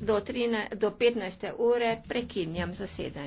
do, 13, do 15. ure prekinjam zasedanje.